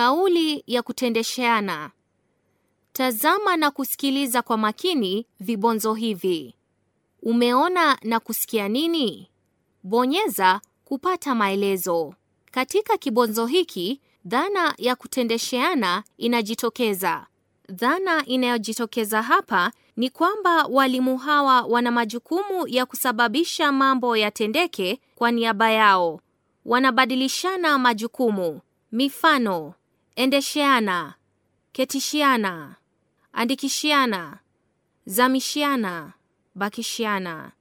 Kauli ya kutendesheana. Tazama na kusikiliza kwa makini vibonzo hivi. Umeona na kusikia nini? Bonyeza kupata maelezo. Katika kibonzo hiki, dhana ya kutendesheana inajitokeza. Dhana inayojitokeza hapa ni kwamba walimu hawa wana majukumu ya kusababisha mambo yatendeke kwa niaba yao. Wanabadilishana majukumu. Mifano: endesheana, ketishiana, andikishiana, zamishiana, bakishiana.